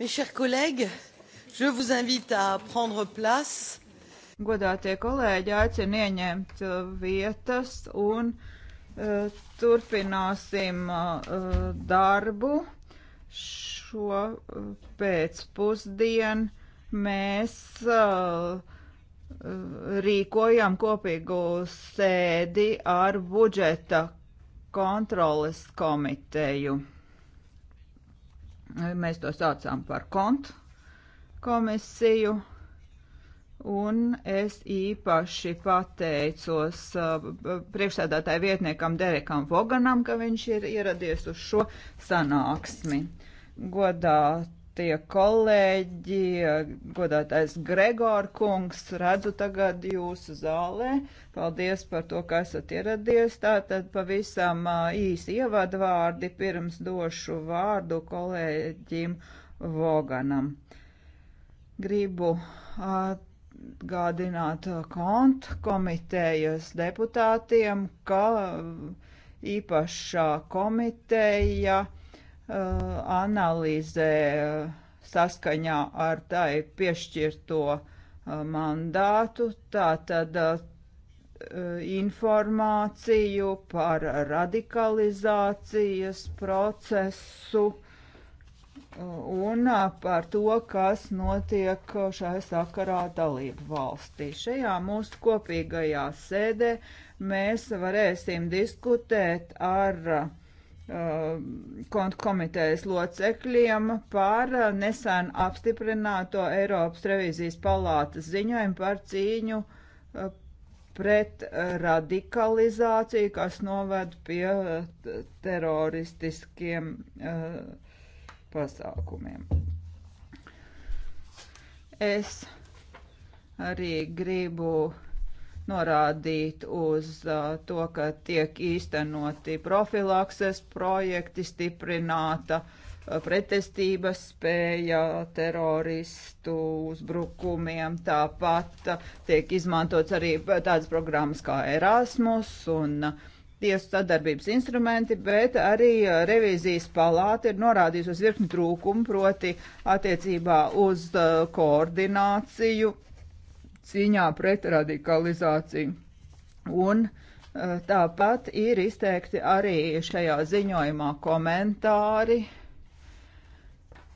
Mes chers collègues, je vous invite à prendre place. Godātie kolēģi, aicinu ieņemt uh, vietas un uh, turpināsim uh, uh darbu. Šo uh, pēcpusdienu mēs uh, uh, rīkojam kopīgu sēdi ar budžeta kontroles komiteju. Mēs to saucām par kont komisiju. Un es īpaši pateicos uh, priekšsēdētāju vietniekam Derekam Voganam, ka viņš ir ieradies uz šo sanāksmi. Godā tie kolēģi, godātais Gregor kungs, redzu tagad jūsu zālē. Paldies par to, ka esat ieradies. Tātad pavisam īsi ievadvārdi pirms došu vārdu kolēģim Voganam. Gribu atgādināt kont komitejas deputātiem, ka īpašā komiteja uh, analīzē saskaņā ar tai piešķirto mandātu, tātad informāciju par radikalizācijas procesu un par to, kas notiek šai sakarā dalību valstī. Šajā mūsu kopīgajā sēdē mēs varēsim diskutēt ar uh, Uh, kontu komitejas locekļiem par uh, nesen apstiprināto Eiropas revīzijas palātas ziņojumu par cīņu uh, pret radikalizāciju, kas noved pie teroristiskiem pasākumiem. Es arī gribu norādīt uz to, ka tiek īstenoti profilakses projekti, stiprināta pretestības spēja teroristu uzbrukumiem. Tāpat tiek izmantots arī tādas programmas kā Erasmus un tiesu sadarbības instrumenti, bet arī revīzijas palāta ir norādījusi uz virkni trūkumu, proti attiecībā uz koordināciju cīņā pret radikalizāciju. Un eh, tāpat ir izteikti arī šajā ziņojumā komentāri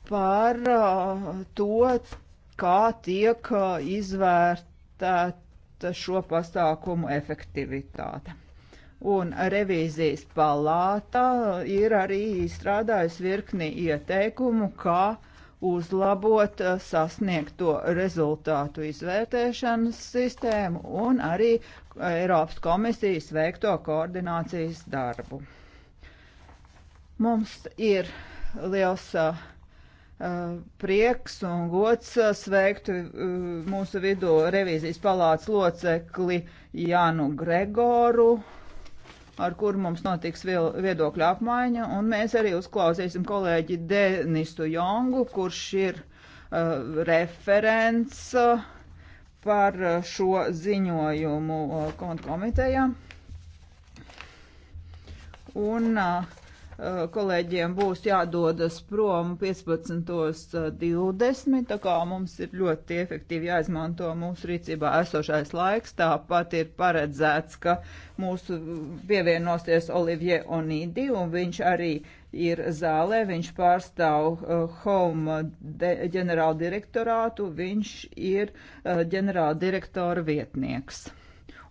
par eh, to, kā tiek eh, izvērtēta šo pasākumu efektivitāte. Un revīzijas palāta ir arī izstrādājusi virkni ieteikumu, kā uzlabot eh, sasniegto rezultātu izvērtēšanas sistēmu un arī eh, Eiropas komisijas veikto koordinācijas darbu. Mums ir liels uh, prieks un gods sveikt uh, mūsu vidū revīzijas palāca locekli Janu Gregoru ar kuru mums notiks viedokļu apmaiņa, un mēs arī uzklausīsim kolēģi Denisu Jongu, kurš ir uh, referents uh, par uh, šo ziņojumu uh, komitejā. Un uh, Eh, kolēģiem būs jādodas prom 15.20, eh, tā kā mums ir ļoti efektīvi jāizmanto mūsu rīcībā esošais laiks. Tāpat ir paredzēts, ka mūsu pievienosies Olivier Onidi, un viņš arī ir zālē, viņš pārstāv uh, Home ģenerāla direktorātu, viņš ir uh, ģenerāla direktora vietnieks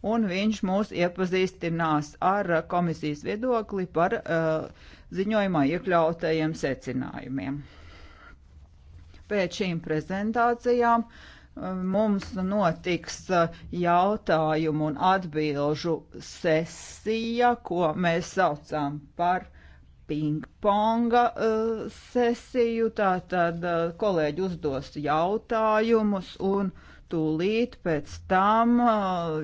un viņš mūs iepazīstinās ar komisijas viedokli par uh, ziņojumā iekļautajiem secinājumiem. Pēc šīm prezentācijām um, mums notiks uh, jautājumu un atbilžu sesija, ko mēs saucam par pingponga uh, sesiju. Tātad uh, kolēģi uzdos jautājumus un tūlīt pēc tam uh,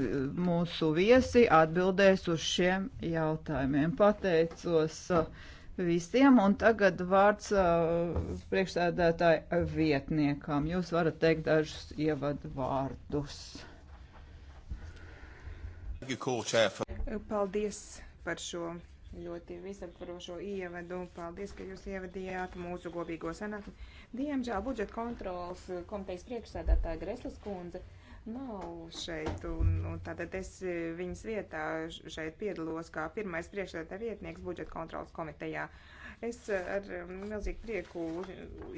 mūsu viesi atbildēs uz šiem jautājumiem. Pateicos. Uh, visiem, un tagad vārds uh, priekšsēdētāji vietniekam. Jūs varat teikt dažus ievadu vārdus. Paldies par šo ļoti visaptvarošo ievadu. Paldies, ka jūs ievadījāt mūsu govīgo sanāksmi. Diemžēl budžeta kontrolas komitejas priekšsēdētāja Greslas kundze uh, nav šeit, un, un tātad es e, viņas vietā šeit piedalos kā pirmais priekšsēdētāja vietnieks budžeta kontrolas komitejā. Es e, ar e, milzīgu prieku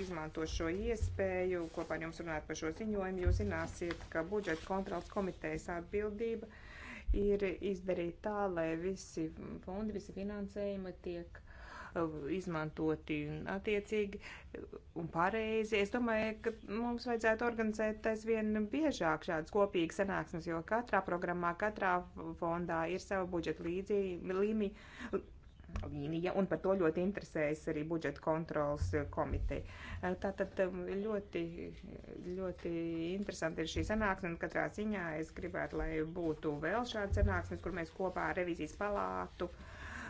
izmantošu šo iespēju kopā ar jums runāt par šo ziņojumu. Jūs zināsiet, ka budžeta kontrolas komitejas atbildība ir izdarīt tā, lai visi fondi, visi finansējumi tiek izmantoti attiecīgi un pareizi. Es domāju, ka mums vajadzētu organizēt aizvien biežāk šādas kopīgas sanāksmes, jo katrā programmā, katrā fondā ir sava budžeta līmija, līnija, un par to ļoti interesējas arī budžeta kontrolas komiteja. Tātad um, ļoti, ļoti interesanti ir šī sanāksme, un katrā ziņā es gribētu, lai būtu vēl šāda sanāksmes, kur mēs kopā ar revizijas palātu uh,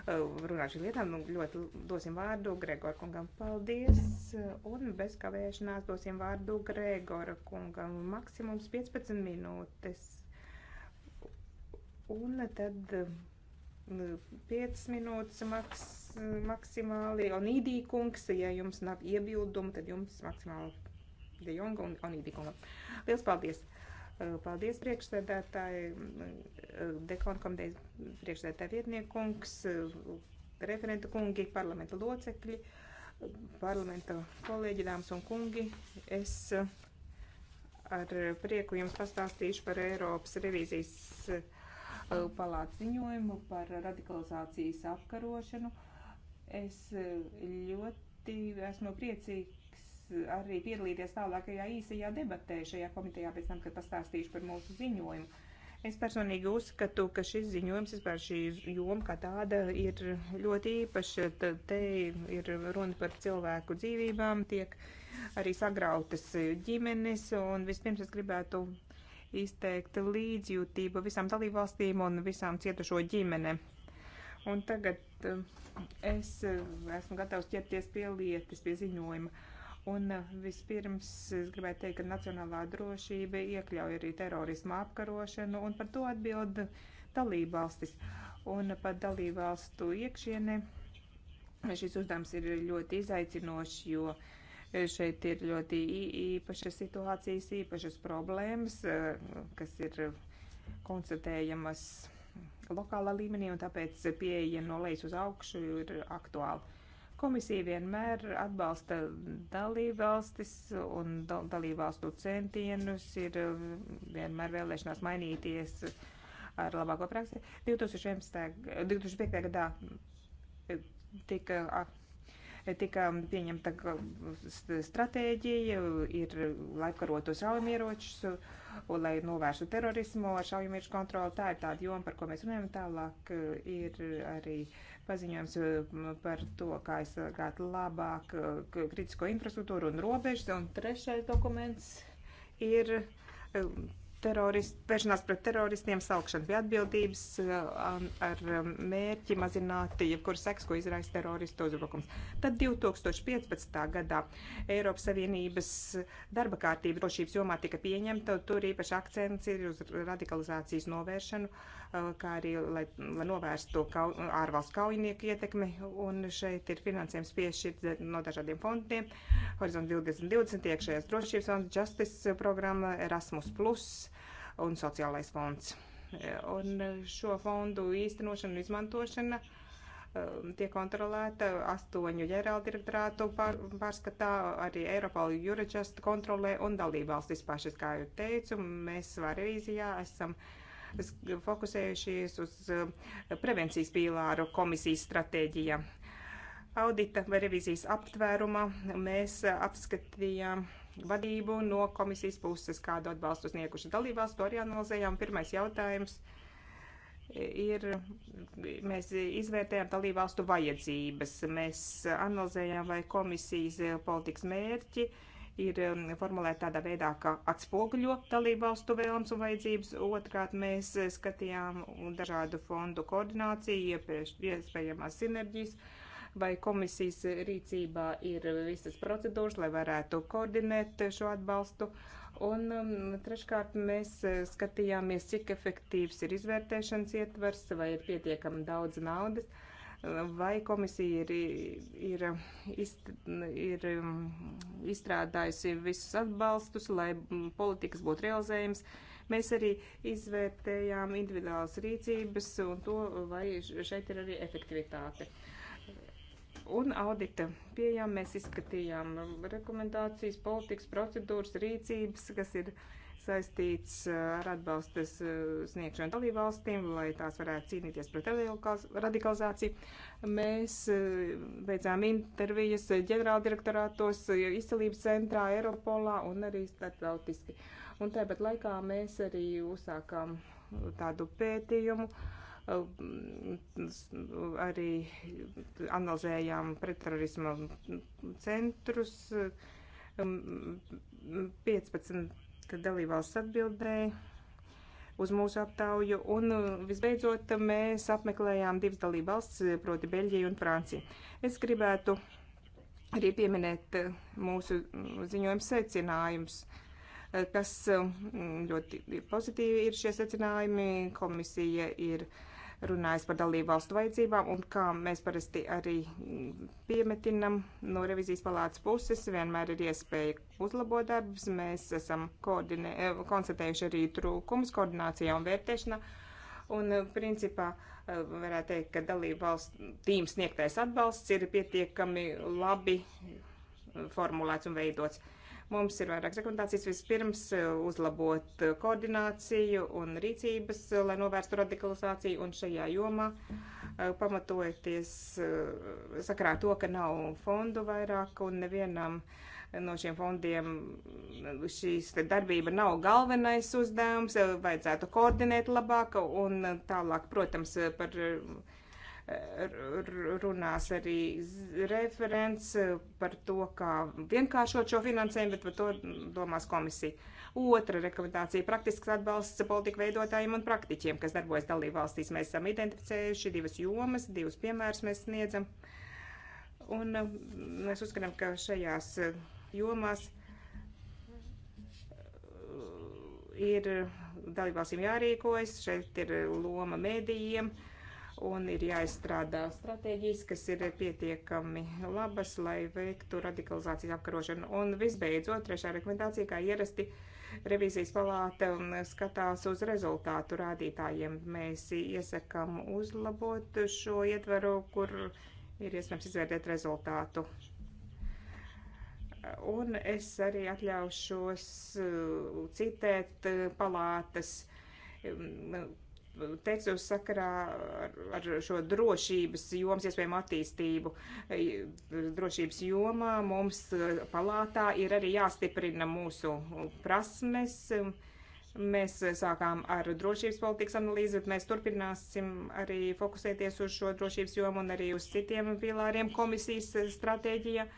Eh, runāšanu lietām. Nu, ļoti dosim vārdu Gregor kungam. Paldies! Eh, un bez kavēšanās dosim vārdu Gregora kungam. Maksimums 15 minūtes. Un tad 5 eh, minūtes maks, maksimāli. Un īdīkungs, ja jums nav iebildumu, tad jums maksimāli De Jonga un Onīdīkunga. Liels paldies! Eh, paldies priekšsēdētāji, eh, dekona komitejas priekšsēdētāja vietniekungs, eh, referenta kungi, parlamenta locekļi, parlamenta kolēģi, dāmas un kungi. Es ar prieku jums pastāstīšu par Eiropas revīzijas palātas ziņojumu par radikalizācijas apkarošanu. Es ļoti esmu priecīgi arī piedalīties tālākajā īsajā debatē šajā komitejā pēc tam, kad pastāstīšu par mūsu ziņojumu. Es personīgi uzskatu, ka šis ziņojums, vispār šī joma kā tāda, ir ļoti īpaša. Tad te ir runa par cilvēku dzīvībām, tiek arī sagrautas ģimenes, un vispirms es gribētu izteikt līdzjūtību visām dalībvalstīm un visām cietušo ģimenēm. Un tagad eh, es eh, esmu gatavs ķerties pie lietas, pie ziņojuma. Un eh, vispirms es gribēju teikt, ka nacionālā drošība iekļauj arī terorismu apkarošanu, un par to atbild dalībvalstis. Un par dalībvalstu iekšienē eh, šis uzdevums ir ļoti izaicinošs, jo eh, šeit ir ļoti īpašas situācijas, īpašas problēmas, kas ir konstatējamas lokālā līmenī, un tāpēc pieeja no lejas uz augšu ir aktuāla. Komisija vienmēr atbalsta dalībvalstis un dal dalībvalstu centienus, ir mm, vienmēr vēlēšanās mainīties ar labāko praksi. 2011. 2005. gadā mm, tika tika pieņemta stratēģija, ir laikkarot uz šaujamieročus, lai novērstu terorismu ar šaujamieroču kontroli. Tā ir tāda joma, par ko mēs runājam. Tālāk e, ir arī uh, paziņojums eh, par to, kā aizsargāt labāk eh, kritisko infrastruktūru un robežas. Un trešais dokuments ir eh, terorist, vēršanās pret teroristiem, saukšana pie atbildības ar um, mērķi mazināt jebkuru seks, ko izraisa teroristu uzbrukums. Tad 2015. gadā Eiropas Savienības darba kārtība drošības jomā tika pieņemta, tur īpaši akcents ir uz radikalizācijas novēršanu, kā arī, lai, lai novērstu kau, ārvalstu kaujinieku ietekmi. Un šeit ir finansējums piešķirts no dažādiem fondiem. Horizont 2020, iekšējās drošības fonds, Justice programma, Erasmus Plus un sociālais fonds. Un šo fondu īstenošana un izmantošana tiek kontrolēta astoņu ģenerāldirektorātu pār, pārskatā, arī Eiropalu Jurečast kontrolē un dalībvalstis pašas, kā jau teicu, mēs Varīzijā esam uh, fokusējušies uz eh, prevencijas pīlāru komisijas stratēģijā. Audita vai revizijas aptvērumā mēs apskatījām vadību no komisijas puses, kādu atbalstu snieguši dalībvalstu, to arī analizējām. Pirmais jautājums ir, mēs izvērtējām dalībvalstu vajadzības. Mēs analizējām, vai komisijas politikas mērķi uh, ir um, formulēta tādā veidā, ka atspoguļo dalībvalstu vēlams un vajadzības. Otrkārt, mēs eh, skatījām dažādu fondu koordināciju, iespējamās sinerģijas, vai komisijas rīcībā ir visas procedūras, lai varētu koordinēt šo atbalstu. Un um, treškārt mēs eh, skatījāmies, cik efektīvs ir izvērtēšanas ietvers, vai ir pietiekami daudz naudas Vai komisija ir, ir, izt, ir mm, izstrādājusi visus atbalstus, lai mm, politikas būtu realizējums? Mēs arī izvērtējām individuālas rīcības un to, vai šeit ir arī efektivitāte. Un audita pieejām mēs izskatījām rekomendācijas, politikas procedūras, rīcības, kas ir uh, saistīts eh, ar atbalsta eh, sniegšanu dalībvalstīm, lai tās varētu cīnīties pret radikalizāciju. Mēs eh, veicām intervijas ģenerāldirektorātos, izcelības centrā, Eiropolā un arī starptautiski. Un tāpat laikā mēs arī uzsākām tādu pētījumu arī analizējām pretterorisma centrus. 15 ka dalībvalsts atbildēja uz mūsu aptauju, un uh, visbeidzot mēs apmeklējām divas dalībvalsts, uh, proti Beļģiju un Franciju. Es gribētu arī pieminēt uh, mūsu mm, ziņojuma secinājumus kas mm, ļoti pozitīvi ir šie secinājumi. Komisija ir uh, runājis par dalību valstu vajadzībām, un kā mēs parasti arī piemetinam no revizijas palātas puses, vienmēr ir iespēja uzlabot darbus. Mēs esam eh, konstatējuši arī trūkumus koordinācijā un vērtēšanā. Un, eh, principā, eh, varētu teikt, ka dalību valstu tīm sniegtais atbalsts ir pietiekami labi formulēts un veidots. Uh, Mums ir vairākas rekomendācijas. Vispirms eh, uzlabot eh, koordināciju un rīcības, eh, lai novērstu radikalizāciju un šajā jomā pamatojoties sakrā to, ka nav fondu vairāk un nevienam no šiem fondiem šīs darbība nav galvenais uzdevums, vajadzētu koordinēt labāk un tālāk, protams, par runās arī referents par to, kā vienkāršot šo finansējumu, bet par to domās komisija. Otra rekomendācija - praktisks atbalsts politika veidotājiem un praktiķiem, kas darbojas dalībvalstīs. Mēs esam identificējuši divas jomas, divus piemērus mēs sniedzam. Un um, mēs uzskatām, ka šajās uh, jomās uh, ir dalībvalstīm jārīkojas, šeit ir loma mēdījiem. Uh, un ir jāizstrādā stratēģijas, kas ir pietiekami labas, lai veiktu radikalizācijas apkarošanu. Un visbeidzot, trešā rekomendācija, kā ierasti, revīzijas palāta skatās uz rezultātu rādītājiem. Mēs iesakām uzlabot šo ietveru, kur ir iespējams izvērtēt rezultātu. Un es arī atļaušos uh, citēt uh, palātas um, teicu sakarā ar šo drošības jomas iespējamo attīstību. E, drošības jomā mums e, palātā ir arī jāstiprina mūsu prasmes. Mēs sākām ar drošības politikas analīzi, bet mēs turpināsim arī fokusēties uz šo drošības jomu un arī uz citiem pilāriem komisijas stratēģija.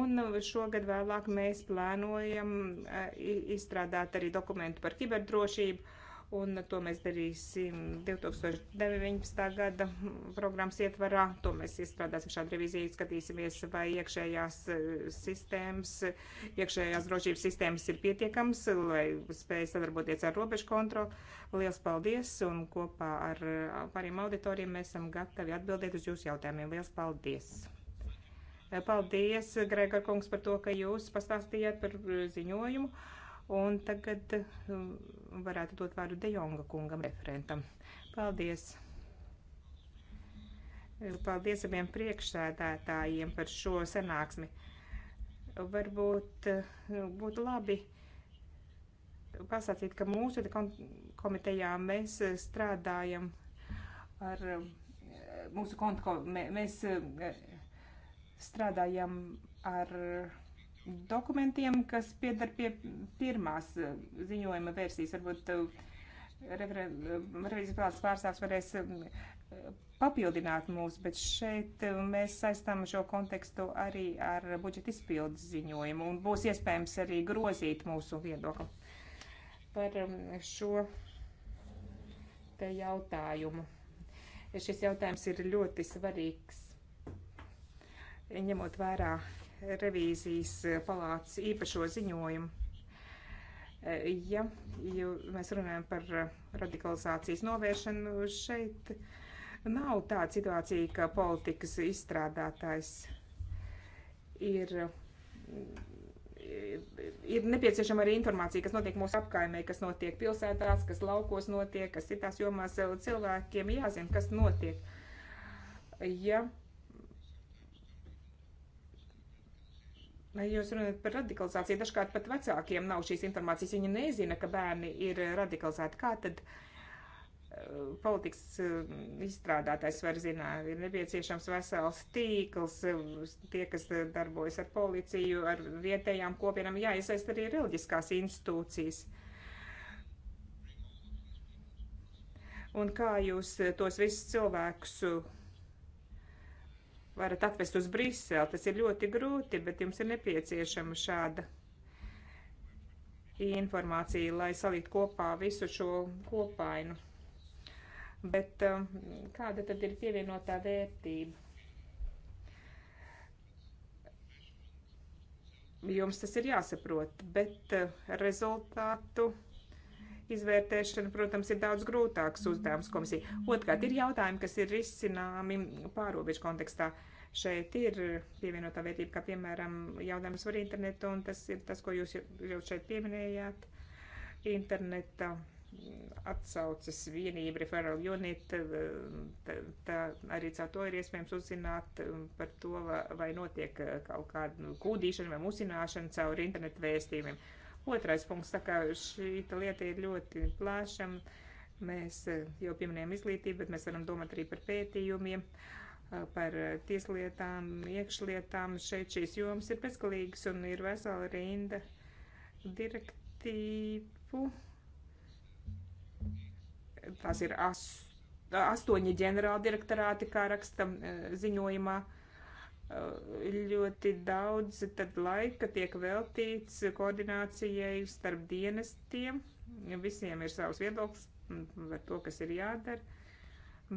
Un šogad vēlāk mēs plānojam e, izstrādāt arī dokumentu par kiberdrošību un to mēs darīsim 2019. gada programmas ietvarā. To mēs izstrādāsim šādu reviziju, skatīsimies, vai iekšējās e, sistēmas, iekšējās drošības sistēmas ir pietiekams, lai spēj sadarboties ar robežu kontroli. Liels paldies, un kopā ar e, pāriem auditoriem mēs esam gatavi atbildēt uz jūsu jautājumiem. Liels paldies! E, paldies, Gregor kungs, par to, ka jūs pastāstījāt par ziņojumu. Un tagad um, varētu dot vārdu Dejonga kungam, referentam. Paldies! Paldies abiem priekšsēdētājiem par šo sanāksmi. Varbūt um, būtu labi pasakīt, ka mūsu komitejā mēs strādājam ar um, mūsu kontu, mēs strādājam ar dokumentiem, kas piedar pie pirmās eh, ziņojuma versijas. Varbūt eh, revizijas eh, palātas pārstāvs varēs papildināt mūs, bet šeit mēs saistām šo kontekstu arī ar budžeta izpildes ziņojumu un būs iespējams arī grozīt mūsu viedokli par um, šo te jautājumu. Šis jautājums ir ļoti svarīgs, ņemot vērā revīzijas palātas īpašo ziņojumu. Ja mēs runājam par radikalizācijas novēršanu, šeit nav tāda situācija, ka politikas izstrādātājs ir ir nepieciešama arī informācija, kas notiek mūsu apkaimē, kas notiek pilsētās, kas laukos notiek, kas citās jomās cilvēkiem jāzina, kas notiek. Ja Jūs runājat par radikalizāciju. Dažkārt pat vecākiem nav šīs informācijas. Viņi nezina, ka bērni ir radikalizēti. Kā tad eh, politikas eh, izstrādātājs var zināt? Ir nepieciešams vesels tīkls, eh, tie, kas darbojas ar policiju, ar vietējām kopienām, jāiesaist arī reliģiskās institūcijas. Un kā jūs tos visus cilvēkus varat atvest uz Briseli. Tas ir ļoti grūti, bet jums ir nepieciešama šāda informācija, lai salikt kopā visu šo kopainu. Bet um, kāda tad ir pievienotā vērtība? Jums tas ir jāsaprot, bet uh, rezultātu izvērtēšana, protams, ir daudz grūtāks uzdevums komisija. Otkārt, ir jautājumi, kas ir risināmi pārobežu kontekstā. Šeit ir pievienotā vērtība, kā piemēram jautājums par internetu, un tas ir tas, ko jūs jau šeit pieminējāt. Interneta atsaucas vienība, referral unit, tā, tā arī caur to ir iespējams uzzināt um, par to, vai notiek uh, kaut kāda kūdīšana vai musināšana caur internetu vēstījumiem. Uh, Otrais punkts, tā kā šī lieta ir ļoti plāša, mēs eh, jau pieminējam izglītību, bet mēs varam domāt arī par pētījumiem, eh, par tieslietām, iekšlietām. Šeit šīs jomas ir bezgalīgas un ir vesela rinda direktīvu. Tās ir astoņi ģenerāldirektorāti, kā raksta eh, ziņojumā. Eh, ļoti daudz tad laika tiek veltīts koordinācijai starp dienestiem. Visiem ir savs viedoklis par to, kas ir jādara,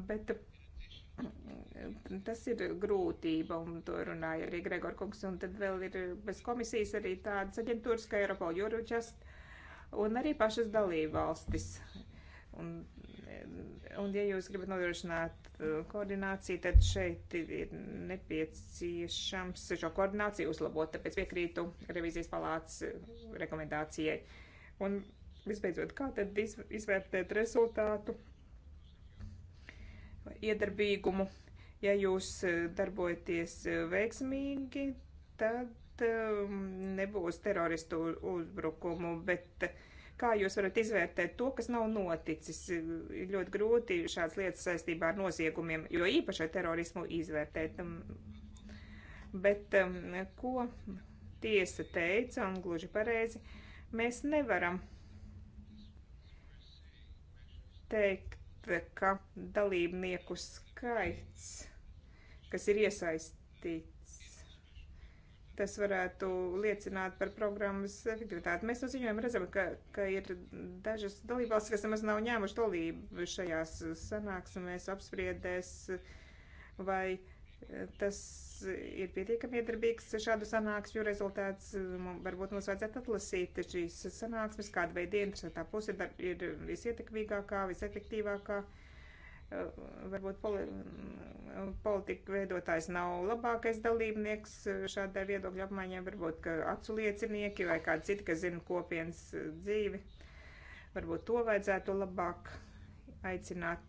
bet eh, tas ir grūtība, un to runāja arī Gregor Kungs, un tad vēl ir bez komisijas arī tādas aģentūras kā Eiropola Eurojust, un arī pašas dalībvalstis. Un Un, ja jūs gribat nodrošināt uh, koordināciju, tad šeit ir nepieciešams šo koordināciju uzlabot, tāpēc piekrītu revīzijas palāts uh, rekomendācijai. Un, visbeidzot, kā tad izvērtēt rezultātu vai iedarbīgumu? Ja jūs uh, darbojaties veiksmīgi, tad um, nebūs teroristu uzbrukumu, bet uh, Kā jūs varat izvērtēt to, kas nav noticis? Ir ļoti grūti šādas lietas saistībā ar noziegumiem, jo īpaši ar terorismu izvērtēt. Um, bet um, ko tiesa teica, un gluži pareizi, mēs nevaram teikt, ka dalībnieku skaits, kas ir iesaistīti, Tas varētu liecināt par programmas efektivitāti. Mēs no ziņojuma redzam, ka, ka ir dažas dalībvalstis, kas nemaz nav ņēmuši dalību šajās sanāksmēs, apspriedēs, vai tas ir pietiekami iedarbīgs šādu sanāksmju rezultāts. Varbūt mums vajadzētu atlasīt šīs sanāksmes, kāda veida interesantā puse ir, ir visietekmīgākā, visefektīvākā. Uh, varbūt poli politika veidotājs nav labākais dalībnieks šādai viedokļu apmaiņai, varbūt ka acu liecinieki vai kādi citi, kas zina kopienas dzīvi, varbūt to vajadzētu labāk aicināt.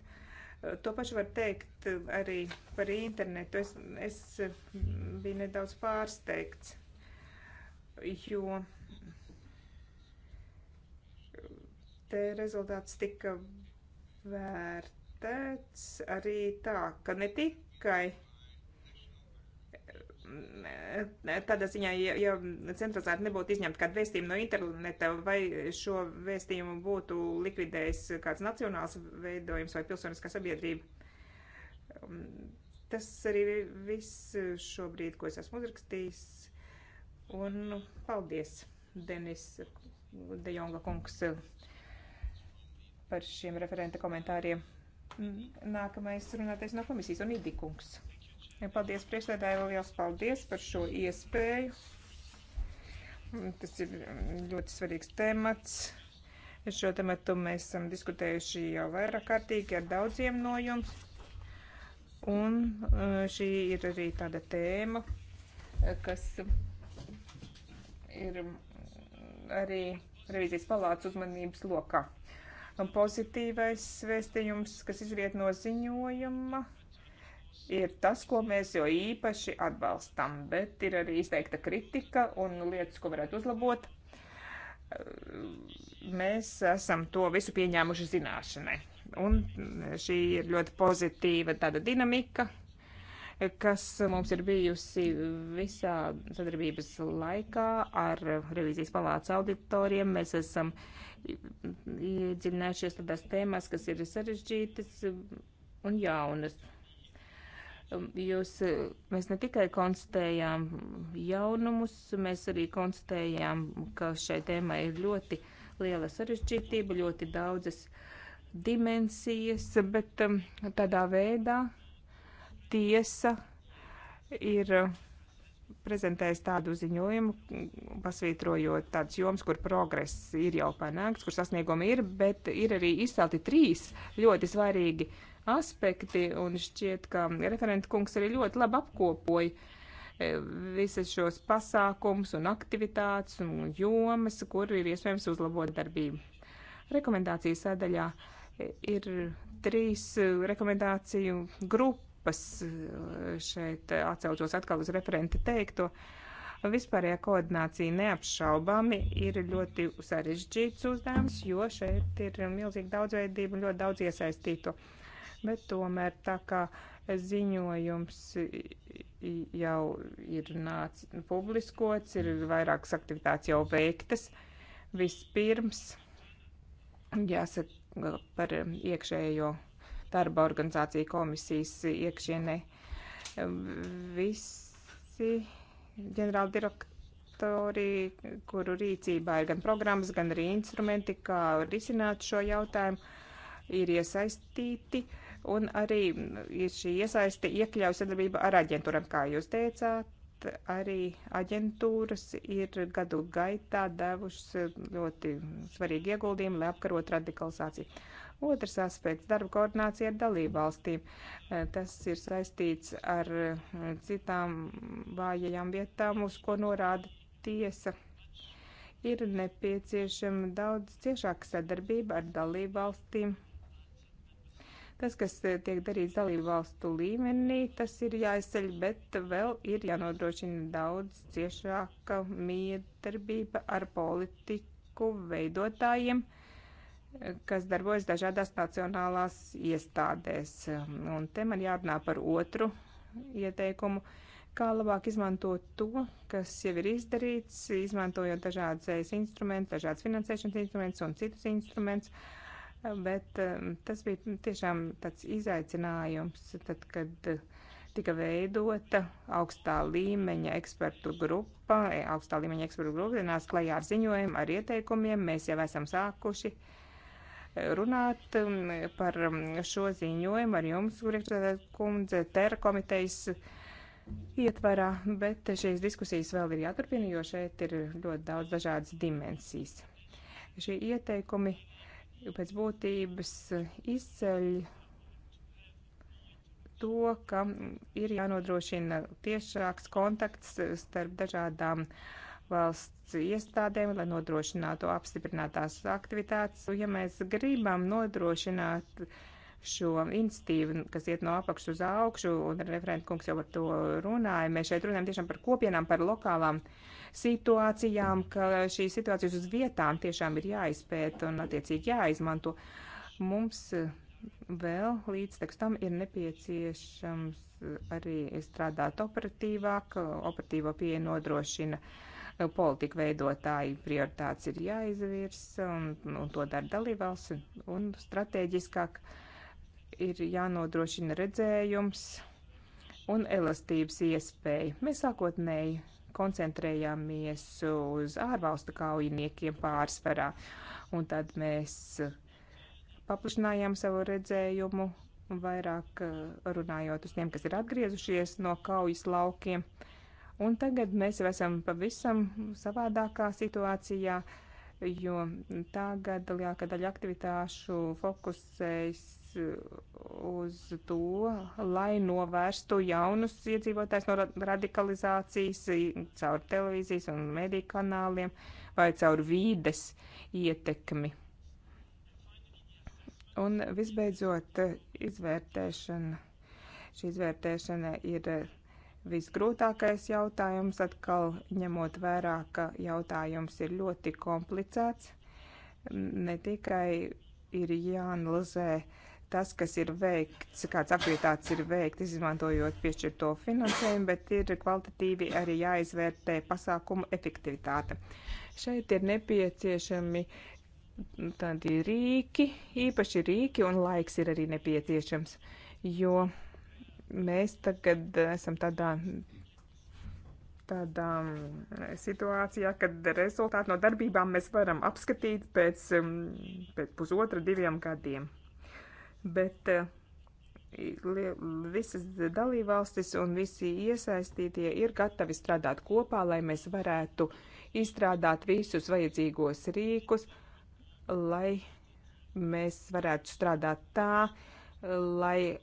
To pašu var teikt arī par internetu. Es, es biju nedaudz pārsteigts, jo te rezultāts tika vērt tērēts arī tā, ka ne tikai mm, tādā ziņā, ja, ja centralizēti nebūtu izņemta kāda vēstījuma no interneta, vai šo vēstījumu būtu likvidējis kāds nacionāls veidojums vai pilsoniskā sabiedrība. Mm, tas arī viss šobrīd, ko es esmu uzrakstījis. Un nu, paldies, Denis Dejonga kungs, par šiem referenta komentāriem. Nākamais runātais no komisijas un Idikungs. Paldies priekšsēdājai, liels paldies par šo iespēju. Tas ir ļoti svarīgs temats. Šo tematu mēs esam diskutējuši jau vairāk kārtīgi ar daudziem no jums. Un e, šī ir arī tāda tēma, e, kas ir arī revīzijas palāca uzmanības lokā pozitīvais vēstījums, kas izriet no ziņojuma, ir tas, ko mēs jau īpaši atbalstam, bet ir arī izteikta kritika un lietas, ko varētu uzlabot. Mēs esam to visu pieņēmuši zināšanai. Un šī ir ļoti pozitīva tāda dinamika, kas mums ir bijusi visā sadarbības laikā ar revīzijas palāca auditoriem. Mēs esam iedziļinājušies tādās tēmās, kas ir sarežģītas un jaunas. Um, jūs, mēs ne tikai konstatējām jaunumus, mēs arī konstatējām, ka šai tēmai ir ļoti liela sarežģītība, ļoti daudzas dimensijas, bet um, tādā veidā, tiesa ir prezentējis tādu ziņojumu, pasvītrojot tādas jomas, kur progress ir jau panākts, kur sasniegumi ir, bet ir arī izcelti trīs ļoti svarīgi aspekti, un šķiet, ka referenta kungs arī ļoti labi apkopoja e, visas šos pasākums un aktivitātes un jomas, kur ir iespējams uzlabot darbību. Rekomendācijas sadaļā e, ir trīs e, rekomendāciju grupas grupas, eh, šeit eh, atcaucos atkal uz referenta teikto, vispārējā koordinācija neapšaubāmi ir ļoti sarežģīts uzdevums, jo šeit ir milzīga daudzveidība un ļoti daudz iesaistīto. Bet tomēr tā kā ziņojums jau ir nāc publiskots, ir vairākas aktivitātes jau veiktas. Vispirms jāsaka eh, par iekšējo darba organizācija komisijas iekšienē. Visi ģenerāli direktori, kuru rīcībā ir gan programmas, gan arī instrumenti, kā risināt šo jautājumu, ir iesaistīti. Un arī šī iesaiste iekļauj sadarbību ar aģentūram, kā jūs teicāt, arī aģentūras ir gadu gaitā devušas ļoti svarīgi ieguldījumi, lai apkarot radikalizāciju. Otrs aspekts - darba koordinācija ar dalību valstīm. Eh, tas ir saistīts ar eh, citām vājajām vietām, uz ko norāda tiesa. Ir nepieciešama daudz ciešāka sadarbība ar dalību valstīm. Tas, kas eh, tiek darīts dalību valstu līmenī, tas ir jāizceļ, bet vēl ir jānodrošina daudz ciešāka miedarbība ar politiku veidotājiem. Uh, kas darbojas dažādās nacionālās iestādēs. Un te man jārunā par otru ieteikumu, kā labāk izmantot to, kas jau ir izdarīts, izmantojot dažādas instrumentus, dažādas finansēšanas instrumentus un citus instrumentus. Bet um, tas bija tiešām tāds izaicinājums, tad, kad tika veidota augstā līmeņa ekspertu grupa, e, augstā līmeņa ekspertu grupa, nāca klajā ar ziņojumu, ar ieteikumiem, mēs jau esam sākuši uh, runāt um, par um, šo ziņojumu ar jums, priekšsēdētājas kundze, tēra komitejas ietvarā, bet šīs diskusijas vēl ir jāturpina, jo šeit ir ļoti daudz dažādas dimensijas. Šie ieteikumi pēc būtības izceļ to, ka ir jānodrošina tiešāks kontakts starp dažādām uh, valsts iestādēm, lai nodrošinātu apstiprinātās aktivitātes. Ja mēs gribam nodrošināt šo institīvu, kas iet no apakšas uz augšu, un referenta kungs jau par to runāja, mēs šeit runājam tiešām par kopienām, par lokālām situācijām, ka šīs situācijas uz vietām tiešām ir jāizpēta un attiecīgi jāizmanto. Mums eh, vēl līdz tekstam ir nepieciešams arī strādāt operatīvāk, operatīvo pieeja nodrošina uh, politika veidotāji prioritātes ir jāizvirs, un, un to dara dalībvalsts, un, un strateģiskāk ir jānodrošina redzējums un elastības iespēja. Mēs sākotnēji koncentrējāmies uz ārvalstu kaujiniekiem pārsvarā, un tad mēs paplašinājām savu redzējumu, vairāk eh, runājot uz tiem, kas ir atgriezušies no kaujas laukiem. Uh, Un tagad mēs jau esam pavisam savādākā situācijā, jo tagad lielākā daļa aktivitāšu fokusējas uh, uz to, lai novērstu jaunus iedzīvotājs no radikalizācijas caur televīzijas un mediju kanāliem vai caur vīdes ietekmi. Un visbeidzot, izvērtēšana. Šī izvērtēšana ir visgrūtākais jautājums, atkal ņemot vērā, ka jautājums ir ļoti komplicēts. Ne tikai ir jāanalizē tas, kas ir veikts, kāds aktivitātes ir veikts, izmantojot piešķirto finansējumu, bet ir kvalitatīvi arī jāizvērtē pasākumu efektivitāte. Šeit ir nepieciešami tādi rīki, īpaši rīki, un laiks ir arī nepieciešams, jo mēs tagad esam tādā, tādā um, situācijā, kad rezultātu no darbībām mēs varam apskatīt pēc, um, pēc pusotra diviem gadiem. Bet uh, visas dalībvalstis un visi iesaistītie ir gatavi strādāt kopā, lai mēs varētu izstrādāt visus vajadzīgos rīkus, lai mēs varētu strādāt tā, lai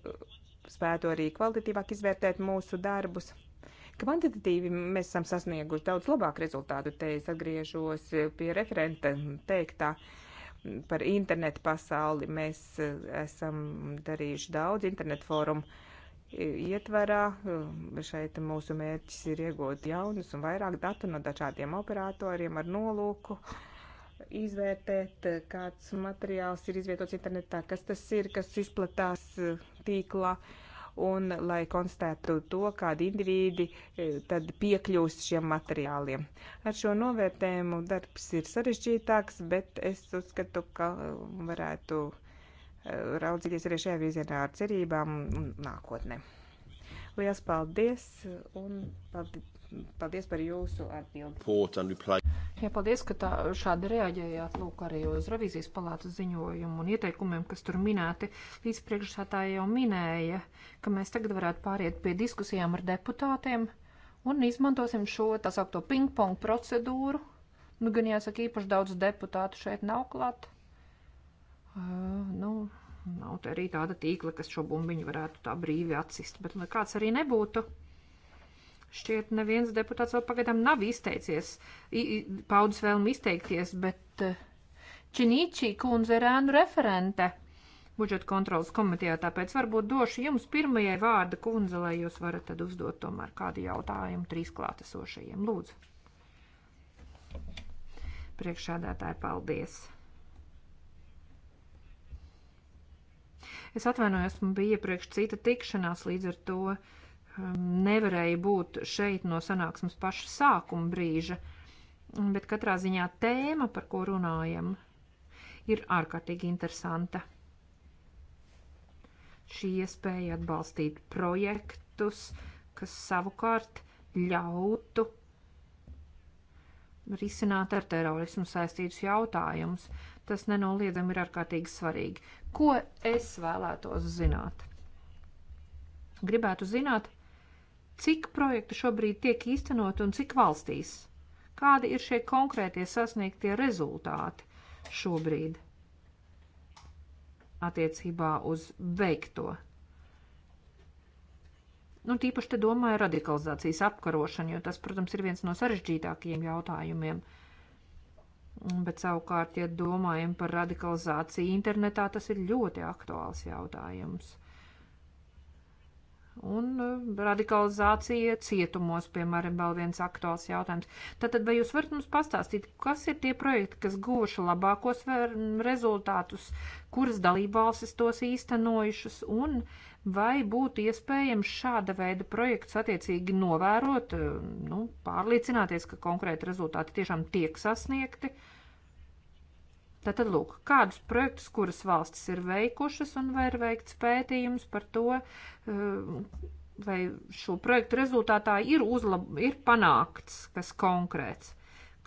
spētu arī kvalitatīvāk izvērtēt mūsu darbus. Kvantitatīvi mēs esam sasnieguši daudz labāku rezultātu. Te es atgriežos pie referenta teiktā par internetu pasauli. Mēs eh, esam darījuši daudz internetu fórumu ietvarā. Eh, šeit mūsu mērķis ir iegūt jaunus un vairāk datu no dažādiem operatoriem ar nolūku. Uh, izvērtēt, eh, kāds materiāls ir izvietots internetā, kas tas ir, kas izplatās eh, tīklā, un lai konstatētu to, kādi indivīdi eh, tad piekļūst šiem materiāliem. Ar šo novērtējumu darbs ir sarežģītāks, bet es uzskatu, ka varētu raudzīties arī šajā virzienā ar cerībām nākotnē. Lielas paldies un paldies par jūsu atbildi. Jā, paldies, ka tā, šādi reaģējāt lūk arī uz revīzijas palātas ziņojumu un ieteikumiem, kas tur minēti. Līdz priekšsētāji jau minēja, ka mēs tagad varētu pāriet pie diskusijām ar deputātiem un izmantosim šo tā saukto ping-pong procedūru. Nu, gan jāsaka, īpaši daudz deputātu šeit nav klāt. Uh, nu, nav te arī tāda tīkla, kas šo bumbiņu varētu tā brīvi atsist, bet lai kāds arī nebūtu. Šķiet, neviens deputāts vēl pagaidām nav izteicies, paudis vēlmi izteikties, bet eh, Činīčī kundze ir ēnu referente budžeta kontrolas komitejā, tāpēc varbūt došu jums pirmajai vārda kundze, lai jūs varat tad uzdot tomēr kādu jautājumu trīs klātesošajiem. Lūdzu. Priekšādātāji, paldies! Es atvainojos, man bija iepriekš cita tikšanās, līdz ar to uh, Um, nevarēja būt šeit no sanāksmes paša sākuma brīža, bet katrā ziņā tēma, par ko runājam, ir ārkārtīgi interesanta. Šī iespēja atbalstīt projektus, kas savukārt ļautu risināt ar terorismu saistītus jautājumus. Tas nenoliedzami ir ārkārtīgi svarīgi. Ko es vēlētos zināt? Gribētu zināt, Cik projektu šobrīd tiek īstenot un cik valstīs? Kādi ir šie konkrētie sasniegtie rezultāti šobrīd attiecībā uz veikto? Nu, tīpaši te domāju radikalizācijas apkarošanu, jo tas, protams, ir viens no sarežģītākajiem jautājumiem. Bet savukārt, ja domājam par radikalizāciju internetā, tas ir ļoti aktuāls jautājums. Un eh, radikalizācija cietumos, piemēram, vēl viens aktuāls jautājums. Tātad, vai jūs varat mums pastāstīt, kas ir tie projekti, kas guvuši labākos rezultātus, kuras dalībvalstis tos īstenojušas, un vai būtu iespējams šāda veida projekts attiecīgi novērot, eh, nu, pārliecināties, ka konkrēti rezultāti tiešām tiek sasniegti? Uh, Tātad, lūk, kādus projektus, kuras valstis ir veikušas un vai ir veikts pētījums par to, eh, vai šo projektu rezultātā ir, uzlab, ir panākts kas konkrēts,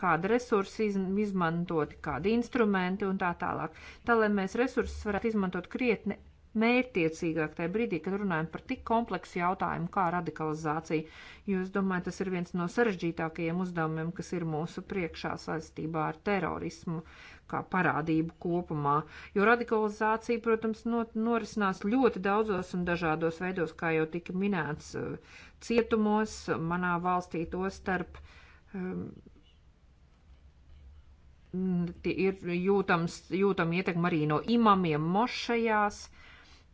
kāda resursa iz, izmantoti, kādi instrumenti un tā tālāk. Tā, lai mēs resursus varētu izmantot krietni mērķtiecīgāk tajā brīdī, kad runājam par tik kompleksu jautājumu kā radikalizācija, jo es domāju, tas ir viens no sarežģītākajiem uzdevumiem, kas ir mūsu priekšā saistībā ar terorismu kā parādību kopumā, jo radikalizācija, protams, not, norisinās ļoti daudzos un dažādos veidos, kā jau tika minēts, eh, cietumos, manā valstī to starp. Um, ir jūtams, jūtama ietekme arī no imamiem mošajās, uh,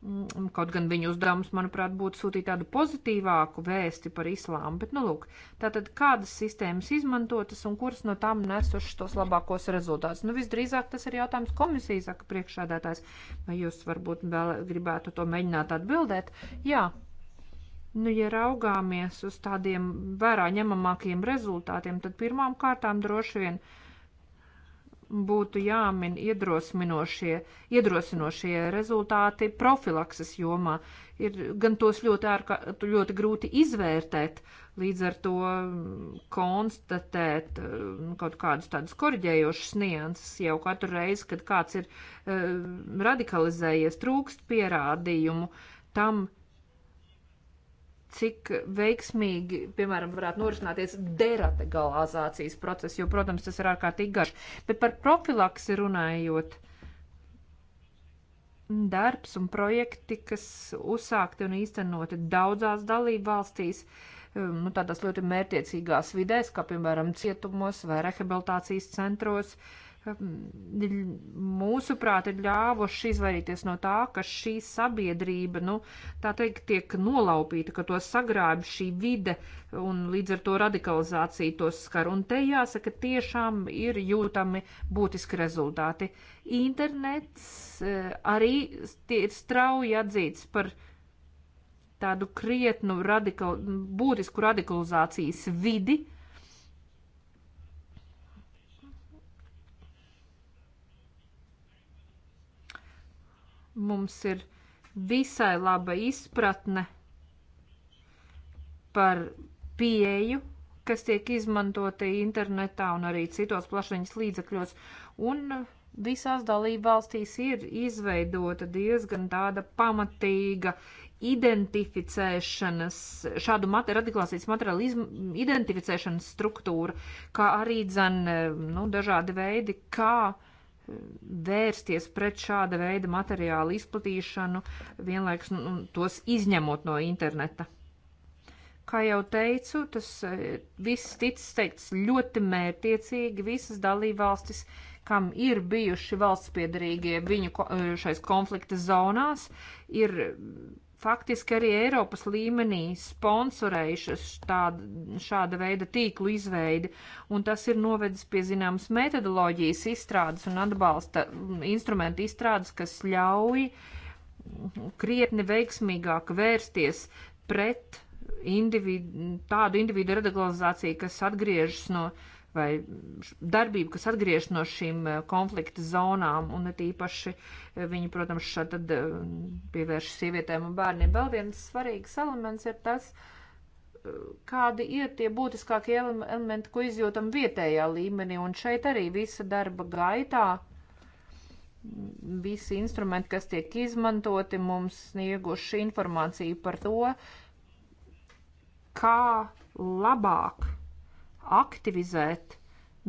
Mm, kaut gan viņa uzdevums, manuprāt, būtu sūtīt tādu pozitīvāku vēsti par islāmu, bet, nu, lūk, tātad kādas sistēmas izmantotas un kuras no tām nesušas tos labākos rezultātus? Nu, visdrīzāk tas ir jautājums komisijas, saka priekšādātājs, vai jūs varbūt vēl gribētu to mēģināt atbildēt? Jā, nu, ja raugāmies uz tādiem vērā ņemamākiem rezultātiem, tad pirmām kārtām droši vien. Uh, būtu jāmin iedrosminošie, iedrosinošie rezultāti profilakses jomā. Ir gan tos ļoti, ārka, ļoti grūti izvērtēt, līdz ar to mm, konstatēt mm, kaut kādus tādus korģējošus nianses jau katru reizi, kad kāds ir uh, radikalizējies, trūkst pierādījumu tam, cik veiksmīgi, piemēram, varētu norisināties derategalizācijas process, jo, protams, tas ir ārkārtīgi garš. Bet par profilaksi runājot, darbs un projekti, kas uzsākti un īstenoti daudzās dalību valstīs, um, nu, tādās ļoti mērtiecīgās vidēs, kā, piemēram, cietumos vai rehabilitācijas centros, uh, Mm, mūsuprāt, ir ļāvuši izvairīties no tā, ka šī sabiedrība, nu, tā teikt, tiek nolaupīta, ka to sagrāb šī vide un līdz ar to radikalizācija tos skar. Un te jāsaka, tiešām ir jūtami būtiski rezultāti. Internets e, arī ir strauji atzīts par tādu krietnu radikal, būtisku radikalizācijas vidi Mums ir visai laba izpratne par pieeju, kas tiek izmantota internetā un arī citos plašsaziņas līdzekļos. Un visās dalība valstīs ir izveidota diezgan tāda pamatīga identificēšanas, šādu mat radikalizācijas materiālu identificēšanas struktūra, kā arī dzen, nu, dažādi veidi, kā uh, vērsties pret šāda veida materiālu izplatīšanu, vienlaikus nu, tos izņemot no interneta. Kā jau teicu, tas e, viss ticis teikts ļoti mērtiecīgi visas dalībvalstis, kam ir bijuši valsts piedarīgie viņu e, šais konflikta zonās, ir faktiski arī Eiropas līmenī sponsorējušas tāda, šāda veida tīklu izveidi, un tas ir novedis pie zināmas metodoloģijas izstrādes un atbalsta mm, instrumentu izstrādes, kas ļauj mm, krietni veiksmīgāk vērsties pret individu, tādu individu radikalizāciju, kas atgriežas no uh, vai darbību, kas atgriež no šīm eh, konflikta zonām, un tīpaši eh, viņi, protams, šeit tad eh, pievērš sievietēm un bērniem. Vēl viens svarīgs elements ir tas, kādi ir tie būtiskākie elementi, ko izjūtam vietējā līmenī, un šeit arī visa darba gaitā. Visi instrumenti, kas tiek izmantoti, mums snieguši informāciju par to, kā labāk aktivizēt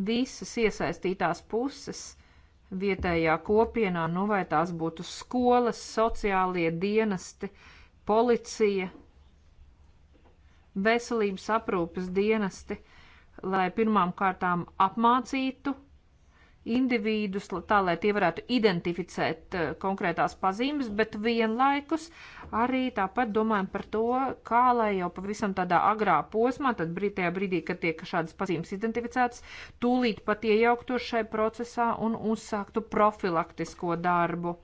visas iesaistītās puses vietējā kopienā, nu vai tās būtu skolas, sociālie dienesti, policija, veselības aprūpes dienesti, lai pirmām kārtām apmācītu individus, tā lai tie varētu identificēt eh, konkrētās pazīmes, bet vienlaikus arī tāpat domājam par to, kā lai jau pavisam tādā agrā posmā, tad brīd, tajā brīdī, kad tiek šādas pazīmes identificētas, tūlīt pat iejauktos šai procesā un uzsāktu profilaktisko darbu.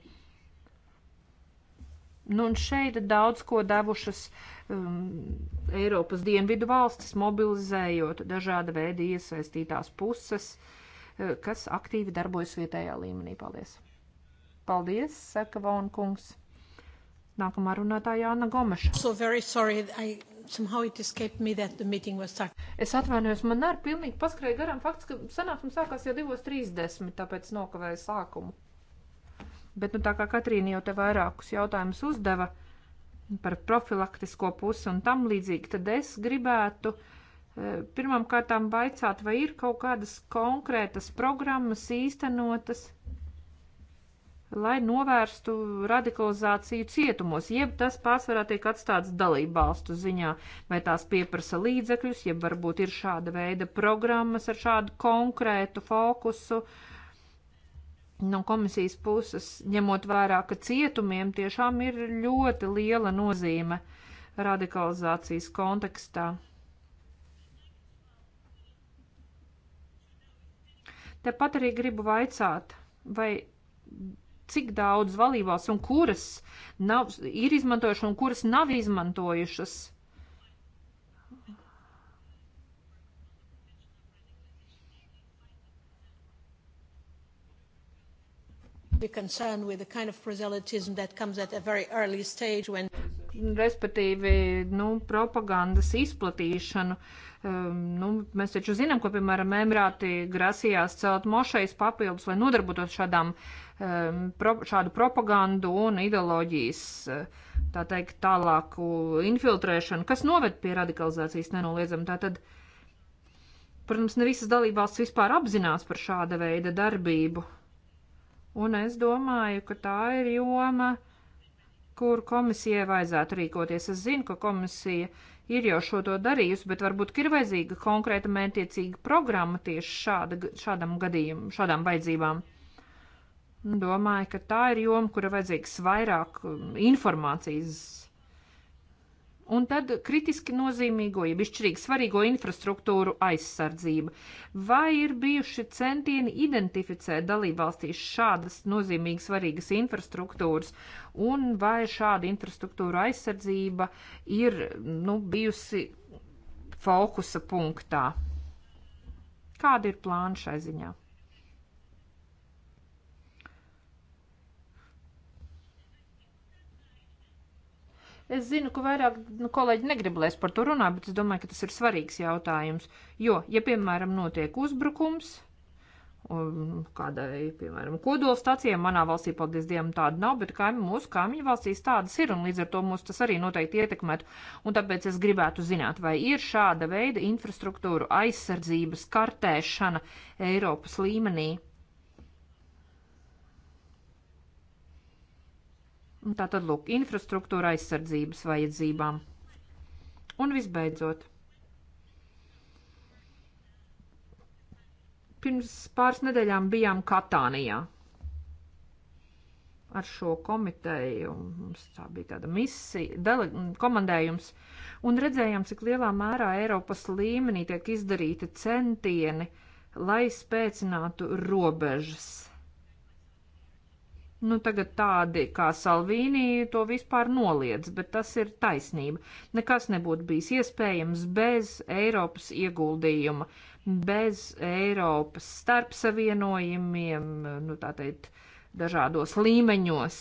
Nu, un šeit daudz ko devušas um, Eiropas dienvidu valstis, mobilizējot dažāda veida iesaistītās puses. Uh, Eh, kas aktīvi darbojas vietējā līmenī. Paldies! Paldies, saka Vaun kungs. Nākamā runātāja Anna Gomeša. So very sorry, I somehow it escaped me that the meeting was started. Es atvainojos, man arī pilnīgi paskrēja garām fakts, ka sanāksme sākās jau 2.30, tāpēc nokavēju sākumu. Bet nu tā kā Katrīna jau te vairākus jautājumus uzdeva par profilaktisko pusi un tam līdzīgi, tad es gribētu uh, Pirmām kārtām baicāt, vai ir kaut kādas konkrētas programmas īstenotas, lai novērstu radikalizāciju cietumos, jeb tas pārsvarā tiek atstāts dalību valstu ziņā, vai tās pieprasa līdzekļus, jeb varbūt ir šāda veida programmas ar šādu konkrētu fokusu. No komisijas puses, ņemot vērā, ka cietumiem tiešām ir ļoti liela nozīme radikalizācijas kontekstā. Tepat arī gribu vaicāt, vai cik daudz valībās un kuras nav, ir izmantojuši un kuras nav izmantojušas be concerned with the kind of proselytism that comes at a very early stage when respektīvi, nu, propagandas izplatīšanu. Um, nu, mēs taču zinām, ka, piemēram, Emirāti grasījās celt mošais papildus, lai nodarbotos šādām, um, pro, šādu propagandu un ideoloģijas, eh, tā teikt, tālāku infiltrēšanu, kas noved pie radikalizācijas nenoliedzami. Tātad, protams, ne visas dalībvalsts vispār apzinās par šāda veida darbību. Un es domāju, ka tā ir joma. Uh, kur komisijai vajadzētu rīkoties. Es zinu, ka komisija ir jau šo to darījusi, bet varbūt ir vajadzīga konkrēta mētiecīga programma tieši šāda, šādam gadījumam, šādām vajadzībām. Domāju, ka tā ir joma, kura vajadzīgs vairāk um, informācijas un tad kritiski nozīmīgo, jeb izšķirīgi svarīgo infrastruktūru aizsardzība. Vai ir bijuši centieni identificēt dalībvalstīs šādas nozīmīgi svarīgas infrastruktūras, un vai šāda infrastruktūra aizsardzība ir nu, bijusi fokusa punktā? Kāda ir plāna šai ziņā? Es zinu, ka vairāk nu, kolēģi negrib, lai es par to runāju, bet es domāju, ka tas ir svarīgs jautājums. Jo, ja, piemēram, notiek uzbrukums um, kādai, piemēram, kodolstacijai, manā valstī, paldies Dievam, tāda nav, bet kaim, mūsu kaimiņu valstīs tādas ir, un līdz ar to mūs tas arī noteikti ietekmētu. Un tāpēc es gribētu zināt, vai ir šāda veida infrastruktūra aizsardzības kartēšana Eiropas līmenī. Tātad, lūk, infrastruktūra aizsardzības vajadzībām. Un visbeidzot. Pirms pāris nedēļām bijām Katānijā ar šo komiteju. Mums tā bija tāda misija, dele, komandējums, un redzējām, cik lielā mērā Eiropas līmenī tiek izdarīti centieni, lai spēcinātu robežas Nu, tagad tādi kā Salvīni to vispār noliedz, bet tas ir taisnība. Nekas nebūtu bijis iespējams bez Eiropas ieguldījuma, bez Eiropas starpsavienojumiem, nu, tā teikt, dažādos līmeņos,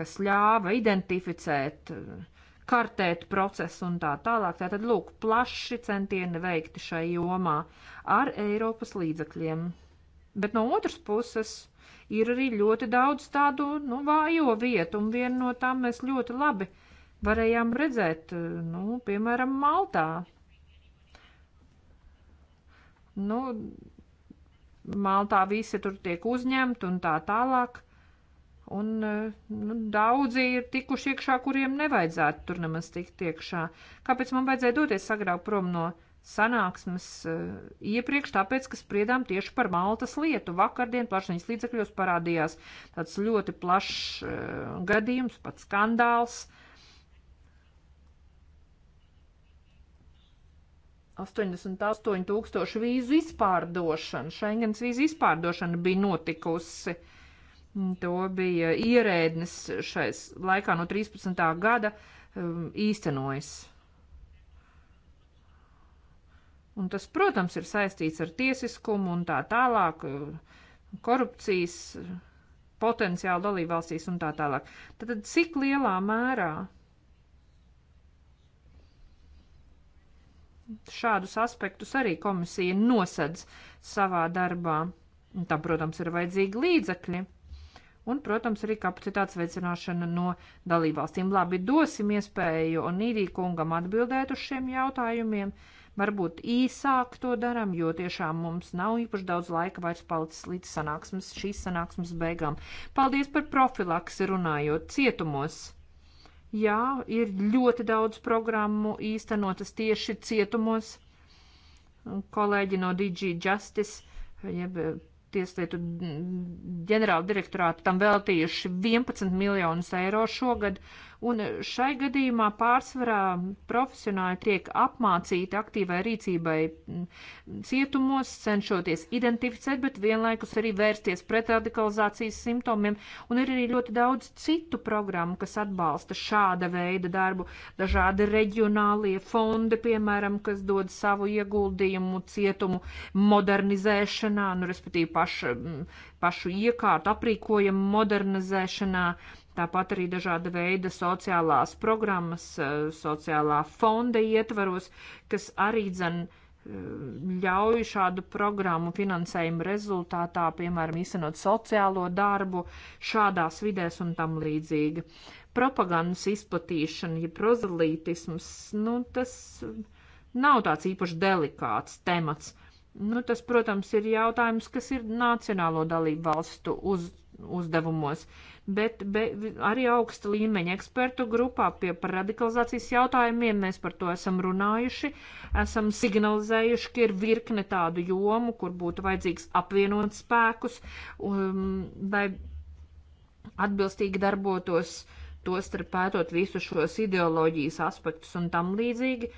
kas ļāva identificēt, kartēt procesu un tā tālāk. Tātad, lūk, plaši centieni veikti šai jomā ar Eiropas līdzakļiem. Bet no otras puses ir arī ļoti daudz tādu, nu, vājo vietu, un vienu no tām mēs ļoti labi varējām redzēt, nu, piemēram, Maltā. Nu, Maltā visi tur tiek uzņemti un tā tālāk. Un nu, daudzi ir tikuši iekšā, kuriem nevajadzētu tur nemaz tikt iekšā. Kāpēc man vajadzēja doties agrāk prom no sanāksmes eh, iepriekš, tāpēc, ka spriedām tieši par Maltas lietu. Vakardien plašsaziņas līdzekļos parādījās tāds ļoti plašs eh, gadījums, pat skandāls. 88 tūkstošu vīzu izpārdošana, Schengens vīzu izpārdošana bija notikusi. To bija ierēdnis šais laikā no 13. gada eh, īstenojis. Un tas, protams, ir saistīts ar tiesiskumu un tā tālāk, korupcijas potenciālu dalībvalstīs un tā tālāk. Tad, tad cik lielā mērā šādus aspektus arī komisija nosedz savā darbā? Un tam, protams, ir vajadzīgi līdzekļi. Un, protams, arī kapacitātes veicināšana no dalībvalstīm. Labi, dosim iespēju Nīdī kungam atbildēt uz šiem jautājumiem. Uh, Varbūt īsāk to daram, jo tiešām mums nav īpaši daudz laika vairs palicis līdz sanāksmes, šīs sanāksmes beigām. Paldies par profilaksi runājot cietumos. Jā, ir ļoti daudz programmu īstenotas tieši cietumos. Kolēģi no DG Justice, jeb eh, tieslietu ģenerāla direktorāta tam veltījuši 11 miljonus eiro šogad, Un šai gadījumā pārsvarā profesionāļi tiek apmācīti aktīvai rīcībai cietumos, cenšoties identificēt, bet vienlaikus arī vērsties pret radikalizācijas simptomiem. Un ir arī ļoti daudz citu programmu, kas atbalsta šāda veida darbu. Dažādi reģionālie fondi, piemēram, kas dod savu ieguldījumu cietumu modernizēšanā, nu, respektīvi paša, pašu iekārtu aprīkojumu modernizēšanā. Uh, Tāpat arī dažāda veida sociālās programmas, eh, sociālā fonda ietvaros, kas arī dzen eh, ļauj šādu programmu finansējumu rezultātā, piemēram, īstenot sociālo darbu šādās vidēs un tam līdzīgi. Propagandas izplatīšana, ja prozalītisms, nu, tas nav tāds īpaši delikāts temats. Nu, tas, protams, ir jautājums, kas ir nacionālo dalību valstu uz uzdevumos, bet be, arī augsta līmeņa ekspertu grupā pie radikalizācijas jautājumiem mēs par to esam runājuši, esam signalizējuši, ka ir virkne tādu jomu, kur būtu vajadzīgs apvienot spēkus, um, lai atbilstīgi darbotos to starp pētot visu šos ideoloģijas aspektus un tam līdzīgi,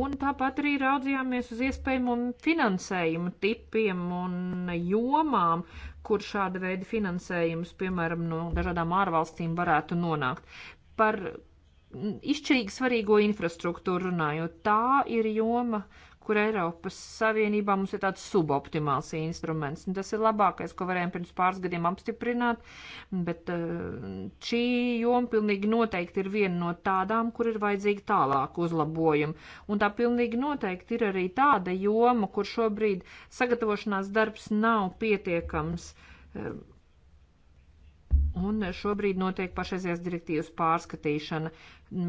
un tāpat arī raudzījāmies uz iespējamo finansējumu tipiem un jomām, kur šāda veida finansējums, piemēram, no dažādām ārvalstīm varētu nonākt. Par izšķirīgi svarīgo infrastruktūru runājot, tā ir joma, kur Eiropas Savienībā mums ir tāds suboptimāls instruments. Un tas ir labākais, ko varējām pirms pāris gadiem apstiprināt, bet eh, šī joma pilnīgi noteikti ir viena no tādām, kur ir vajadzīgi tālāk uzlabojumi. Un tā pilnīgi noteikti ir arī tāda joma, kur šobrīd sagatavošanās darbs nav pietiekams eh, Un šobrīd notiek pašreizējās direktīvas pārskatīšana.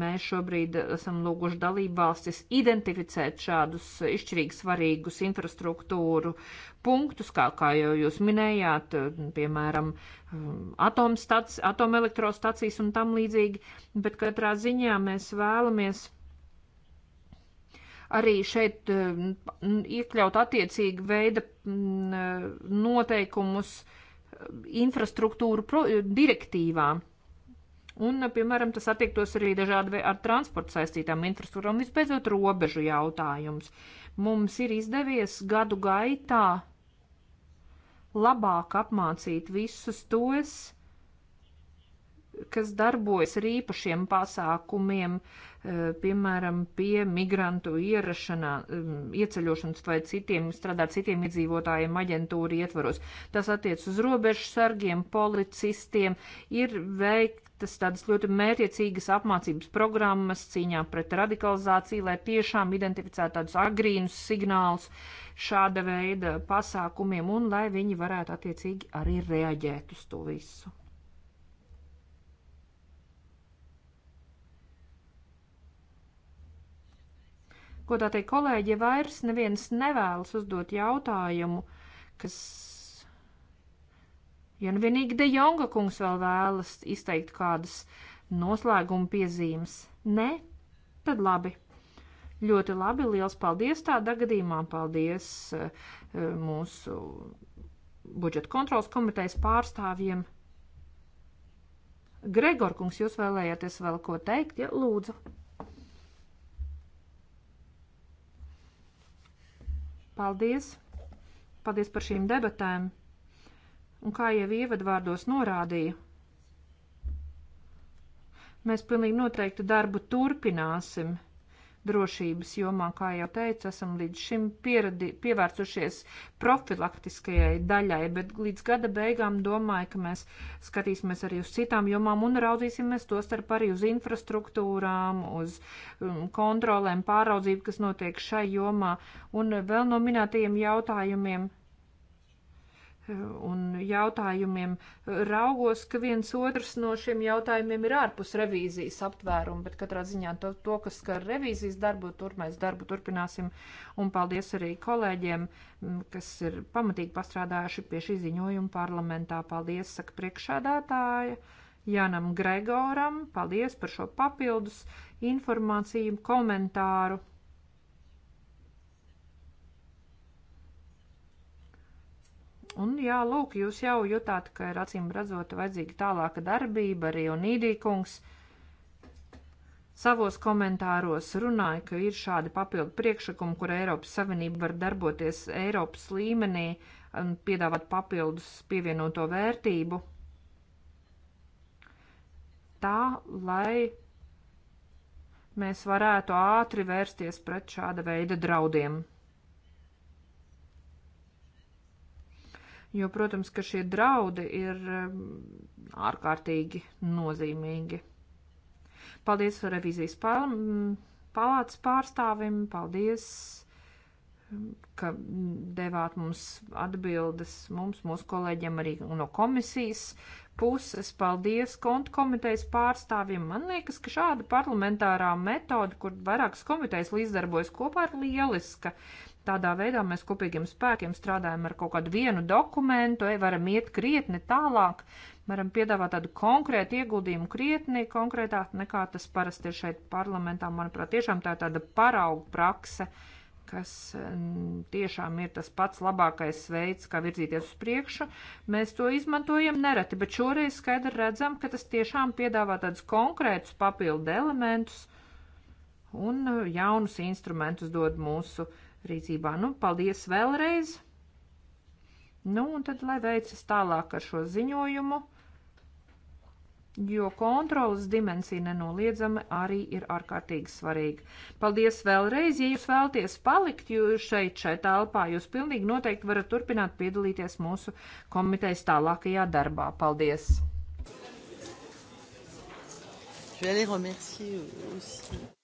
Mēs šobrīd esam lūguši dalību valstis identificēt šādus izšķirīgi svarīgus infrastruktūru punktus, kā, kā jau jūs minējāt, piemēram, atomelektrostacijas un tam līdzīgi, bet katrā ziņā mēs vēlamies arī šeit mm, iekļaut attiecīgi veida mm, noteikumus, uh, infrastruktūru pro, direktīvā. Un, piemēram, tas attiektos arī dažādi ar transportu saistītām infrastruktūrām. Visbeidzot, robežu jautājums. Mums ir izdevies gadu gaitā labāk apmācīt visus tos, kas darbojas ar īpašiem pasākumiem, eh, piemēram, pie migrantu ierašanā, mm, ieceļošanas vai citiem, strādāt citiem iedzīvotājiem aģentūra ietvaros. Tas attiec uz robežu sargiem, policistiem, ir veiktas tādas ļoti mērķiecīgas apmācības programmas cīņā pret radikalizāciju, lai tiešām identificētu tādus agrīnus signālus šāda veida pasākumiem un lai viņi varētu attiecīgi arī reaģēt uz to visu. Ko tā teikt, kolēģi, ja vairs neviens nevēlas uzdot jautājumu, kas. Ja nu vienīgi De Jonga kungs vēl vēlas izteikt kādas noslēguma piezīmes, ne? Tad labi. Ļoti labi, liels paldies tādā gadījumā, paldies eh, mūsu budžeta kontrolas komitejas pārstāvjiem. Gregor kungs, jūs vēlējāties vēl ko teikt, ja lūdzu. Paldies! Paldies par šīm debatēm! Un kā jau ievadvārdos norādīju, mēs pilnīgi noteikti darbu turpināsim drošības jomā, kā jau teicu, esam līdz šim pieradi, pievērsušies profilaktiskajai daļai, bet līdz gada beigām domāju, ka mēs skatīsimies arī uz citām jomām un raudzīsimies to starp arī uz infrastruktūrām, uz um, kontrolēm, pāraudzību, kas notiek šai jomā un vēl no minētajiem jautājumiem un jautājumiem. Raugos, ka viens otrs no šiem jautājumiem ir ārpus revīzijas aptvērumu, bet katrā ziņā to, to kas skar revīzijas darbu, tur mēs darbu turpināsim. Un paldies arī kolēģiem, kas ir pamatīgi pastrādājuši pie šī ziņojuma parlamentā. Paldies, saka priekšādātāja. Janam Gregoram, paldies par šo papildus informāciju, komentāru. Un jā, lūk, jūs jau jutāt, ka ir acīm redzot vajadzīga tālāka darbība arī un īdīkungs. Savos komentāros runāja, ka ir šādi papildu priekšlikumi, kur Eiropas Savienība var darboties Eiropas līmenī un piedāvāt papildus pievienoto vērtību. Tā, lai mēs varētu ātri vērsties pret šāda veida draudiem. jo, protams, ka šie draudi ir ārkārtīgi nozīmīgi. Paldies revizijas palātas pārstāvim, paldies, ka devāt mums atbildes, mums, mūsu kolēģiem arī no komisijas puses. Paldies kontu komitejas pārstāvjiem. Man liekas, ka šāda parlamentārā metode, kur vairākas komitejas līdzdarbojas kopā, ir lieliska. Tādā veidā mēs kopīgiem spēkiem strādājam ar kaut kādu vienu dokumentu, ja varam iet krietni tālāk, varam piedāvāt tādu konkrētu ieguldījumu krietni konkrētāk nekā tas parasti ir šeit parlamentā. Manuprāt, tiešām tā ir tāda parauga prakse, kas tiešām ir tas pats labākais veids, kā virzīties uz priekšu. Mēs to izmantojam nereti, bet šoreiz skaidri redzam, ka tas tiešām piedāvā tādus konkrētus papildu elementus un uh, jaunus instrumentus dod mūsu uh, rīcībā. Nu, paldies vēlreiz! Nu, un tad, lai veicas tālāk ar šo ziņojumu, jo kontrolas dimensija nenoliedzami arī ir ārkārtīgi svarīga. Paldies vēlreiz, ja jūs vēlties palikt jūs šeit, šeit telpā, jūs pilnīgi noteikti varat turpināt piedalīties mūsu komitejas tālākajā darbā. Paldies! Je vais les remercier aussi.